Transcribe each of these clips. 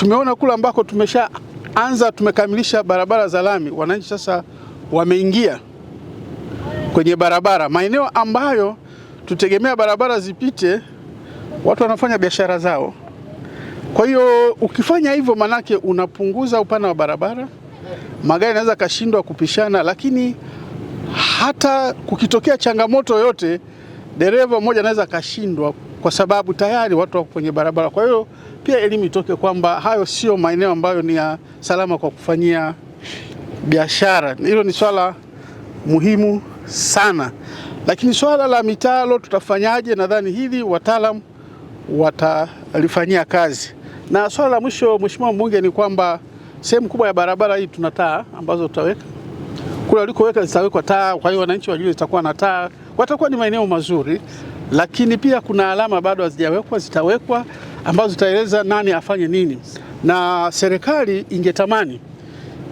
Tumeona kule ambako tumeshaanza tumekamilisha barabara za lami, wananchi sasa wameingia kwenye barabara. Maeneo ambayo tutegemea barabara zipite, watu wanafanya biashara zao. Kwa hiyo ukifanya hivyo, manake unapunguza upana wa barabara, magari yanaweza kashindwa kupishana, lakini hata kukitokea changamoto yoyote, dereva mmoja anaweza akashindwa, kwa sababu tayari watu wako kwenye barabara. Kwa hiyo pia elimu itoke kwamba hayo sio maeneo ambayo ni ya salama kwa kufanyia biashara. Hilo ni swala muhimu sana, lakini swala la mitalo tutafanyaje, nadhani hili wataalam watalifanyia kazi. Na swala la mwisho, Mheshimiwa Mbunge, ni kwamba sehemu kubwa ya barabara hii tuna taa ambazo tutaweka kule walikoweka zitawekwa taa, kwa hiyo wananchi wajue zitakuwa na taa, watakuwa ni maeneo mazuri, lakini pia kuna alama bado hazijawekwa, zitawekwa ambazo zitaeleza nani afanye nini, na serikali ingetamani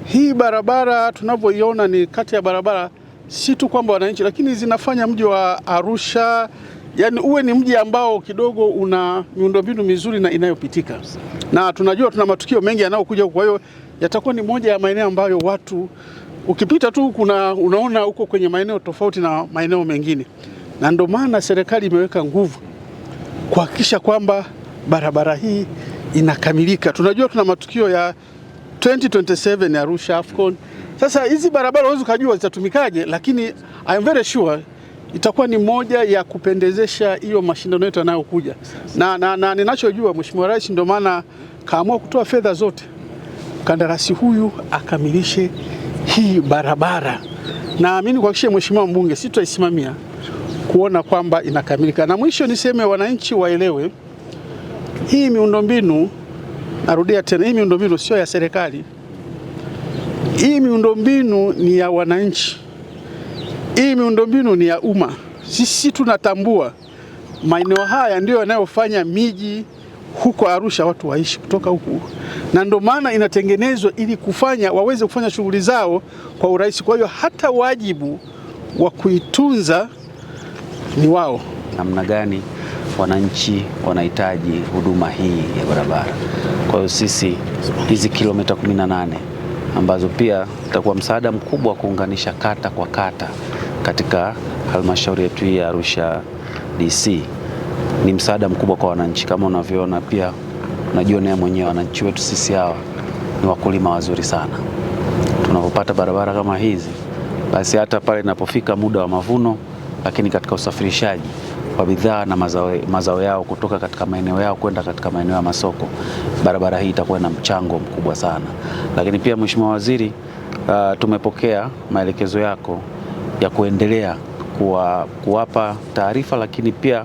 hii barabara tunavyoiona ni kati ya barabara si tu kwamba wananchi, lakini zinafanya mji wa Arusha yani uwe ni mji ambao kidogo una miundombinu mizuri na inayopitika, na tunajua tuna matukio mengi yanayokuja Kwa hiyo yatakuwa ni moja ya maeneo ambayo watu ukipita tu kuna unaona huko kwenye maeneo tofauti na maeneo mengine, na ndio maana serikali imeweka nguvu kuhakikisha kwamba barabara hii inakamilika. Tunajua tuna matukio ya 2027 ya Arusha Afcon. Sasa hizi barabara huwezi ukajua zitatumikaje, lakini I am very sure itakuwa ni moja ya kupendezesha hiyo mashindano yetu yanayokuja, na, na, na ninachojua Mheshimiwa Rais ndio maana kaamua kutoa fedha zote mkandarasi huyu akamilishe hii barabara. Naamini kuhakikisha Mheshimiwa mbunge, si tutaisimamia kuona kwamba inakamilika. Na mwisho niseme wananchi waelewe hii miundombinu, narudia tena, hii miundombinu sio ya serikali. Hii miundombinu ni ya wananchi. Hii miundombinu ni ya umma. Sisi tunatambua maeneo haya ndiyo yanayofanya miji huko Arusha watu waishi kutoka huku, na ndio maana inatengenezwa ili kufanya waweze kufanya shughuli zao kwa urahisi. Kwa hiyo hata wajibu wa kuitunza ni wao. Namna gani wananchi wanahitaji huduma hii ya barabara. Kwa hiyo sisi hizi kilomita 18 ambazo pia zitakuwa msaada mkubwa wa kuunganisha kata kwa kata katika halmashauri yetu hii ya Arusha DC ni msaada mkubwa kwa wananchi. Kama unavyoona pia, unajionea mwenyewe wananchi wetu sisi hawa ni wakulima wazuri sana. Tunapopata barabara kama hizi, basi hata pale inapofika muda wa mavuno, lakini katika usafirishaji wa bidhaa na mazao, mazao yao kutoka katika maeneo yao kwenda katika maeneo ya masoko. Barabara hii itakuwa na mchango mkubwa sana, lakini pia Mheshimiwa Waziri, uh, tumepokea maelekezo yako ya kuendelea kuwa, kuwapa taarifa lakini pia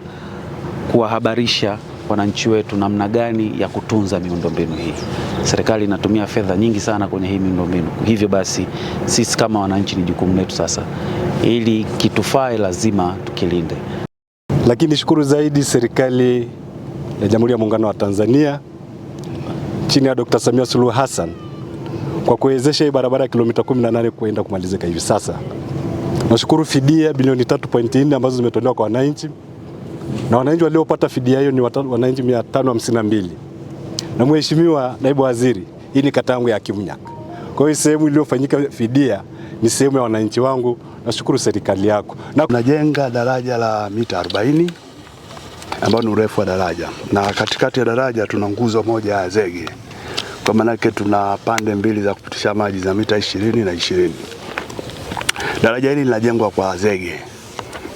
kuwahabarisha wananchi wetu namna gani ya kutunza miundombinu hii. Serikali inatumia fedha nyingi sana kwenye hii miundombinu, hivyo basi sisi kama wananchi ni jukumu letu sasa, ili kitufae lazima tukilinde. Lakini shukuru zaidi serikali ya Jamhuri ya Muungano wa Tanzania chini ya Dr. Samia Suluhu Hassan kwa kuwezesha hii barabara ya kilomita 18 kuenda kumalizika hivi sasa. Nashukuru fidia bilioni 3.4 ambazo zimetolewa kwa wananchi na wananchi waliopata fidia hiyo ni wananchi 552. Na Mheshimiwa Naibu Waziri, hii ni kata yangu ya Kimnyaka, Kwa hiyo sehemu iliyofanyika fidia ni sehemu ya wananchi wangu. Nashukuru serikali yako na... daraja la mita 40 ambayo ni urefu wa daraja, na katikati ya daraja tuna nguzo moja ya zege, kwa maanake tuna pande mbili za kupitisha maji za mita ishirini na ishirini. Daraja hili linajengwa kwa zege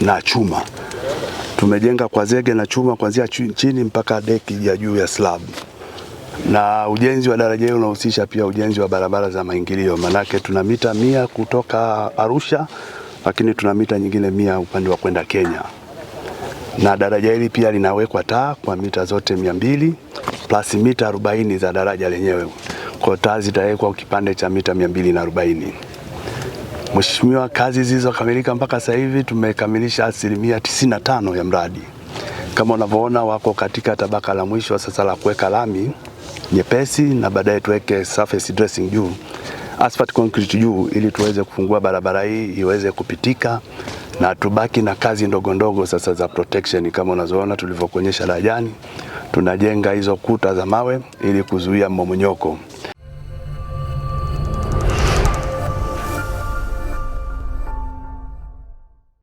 na chuma tumejenga kwa zege na chuma kuanzia chini mpaka deki ya juu ya slab na ujenzi wa daraja hilo unahusisha pia ujenzi wa barabara za maingilio, manake tuna mita mia kutoka Arusha, lakini tuna mita nyingine mia upande wa kwenda Kenya, na daraja hili pia linawekwa taa kwa mita zote mia mbili plus mita arobaini za daraja lenyewe, kwa taa zitawekwa kipande cha mita mia mbili na arobaini. Mheshimiwa, kazi zilizokamilika mpaka sasa hivi tumekamilisha asilimia tano ya mradi. Kama unavyoona, wako katika tabaka la mwisho sasa la kuweka lami nyepesi na baadaye tuweke surface dressing juu, asphalt concrete juu, ili tuweze kufungua barabara hii iweze kupitika na tubaki na kazi ndogo ndogo sasa za protection, kama unazoona tulivyokuonyesha darajani, tunajenga hizo kuta za mawe ili kuzuia mmomonyoko.